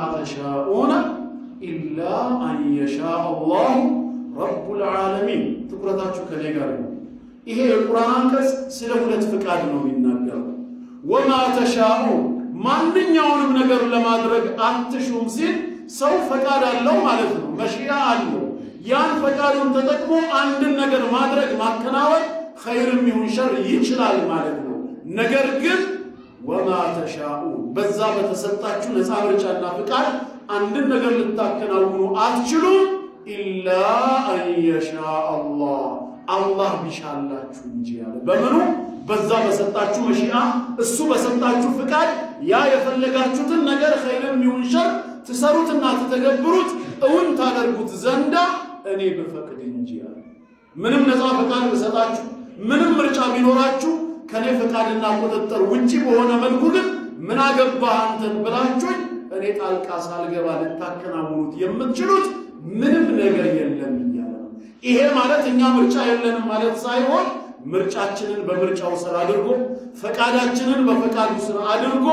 ተሻኡነ ኢላ አንየሻ አላሁ ረቡል ዓለሚን። ትኩረታችሁ ከኔ ጋር ነው። ይሄ የቁርአን አንቀጽ ስለ ሁለት ፍቃድ ነው የሚናገረው። ወማ ተሻኡ ማንኛውንም ነገር ለማድረግ አትሹም ሲል ሰው ፈቃድ አለው ማለት ነው፣ መሽያ አለው። ያን ፈቃዱን ተጠቅሞ አንድን ነገር ማድረግ ማከናወን፣ ኸይርም ይሁን ሸር ይችላል ማለት ነው። ነገር ግን ወማ ተሻኡ በዛ በተሰጣችሁ ነፃ ምርጫና ፍቃድ አንድን ነገር ልታከናውኑ አትችሉም። ኢላ አንየሻ አላህ አላህ ቢሻላችሁ እንጂ ያለ በምኑ በዛ በሰጣችሁ መሺአ እሱ በሰጣችሁ ፍቃድ ያ የፈለጋችሁትን ነገር ኸይርም ይሁን ሸር ትሰሩትና ትተገብሩት እውን ታደርጉት ዘንዳ እኔ ብፈቅድ እንጂ ያለ ምንም ነፃ ፍቃድ ብሰጣችሁ ምንም ምርጫ ቢኖራችሁ ከኔ ፈቃድና ቁጥጥር ውጪ በሆነ መልኩ ግን ምን አገባህ አንተን ብላችሁኝ እኔ ጣልቃ ሳልገባ ልታከናውኑት የምትችሉት ምንም ነገር የለም እያለ ነው። ይሄ ማለት እኛ ምርጫ የለንም ማለት ሳይሆን ምርጫችንን በምርጫው ስር አድርጎ ፈቃዳችንን በፈቃዱ ስር አድርጎ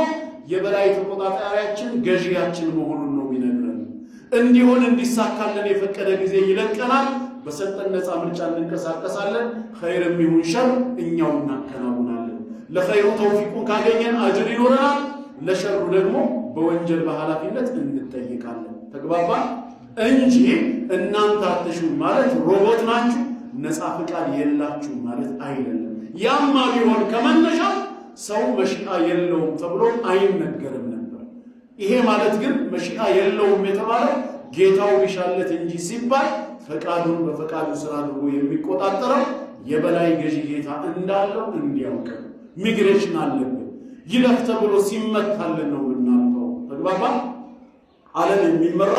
የበላይ ተቆጣጣሪያችን ገዢያችን መሆኑን ነው የሚነግረን። እንዲሆን እንዲሳካልን የፈቀደ ጊዜ ይለቀናል። በሰጠን ነፃ ምርጫ እንንቀሳቀሳለን። ኸይርም ይሁን ሸር እኛው እናከናውናለን። ለኸይሩ ተውፊቁን ካገኘን አጅር ይኖረናል። ለሸሩ ደግሞ በወንጀል በኃላፊነት እንጠይቃለን። ተግባባ እንጂ እናንተ አትሹም ማለት ሮቦት ናችሁ ነፃ ፍቃድ የላችሁ ማለት አይደለም። ያማ ቢሆን ከመነሻ ሰው መሺአ የለውም ተብሎ አይነገርም ነበር። ይሄ ማለት ግን መሺአ የለውም የተባለ ጌታው ቢሻለት እንጂ ሲባል ፈቃዱን በፈቃዱ ስራ አድርጎ የሚቆጣጠረው የበላይ ገዢ ጌታ እንዳለው እንዲያውቅ ሚግሬሽን አለብን። ይለፍ ተብሎ ሲመታልን ነው ምናልፈው። ተግባባ አለን የሚመራ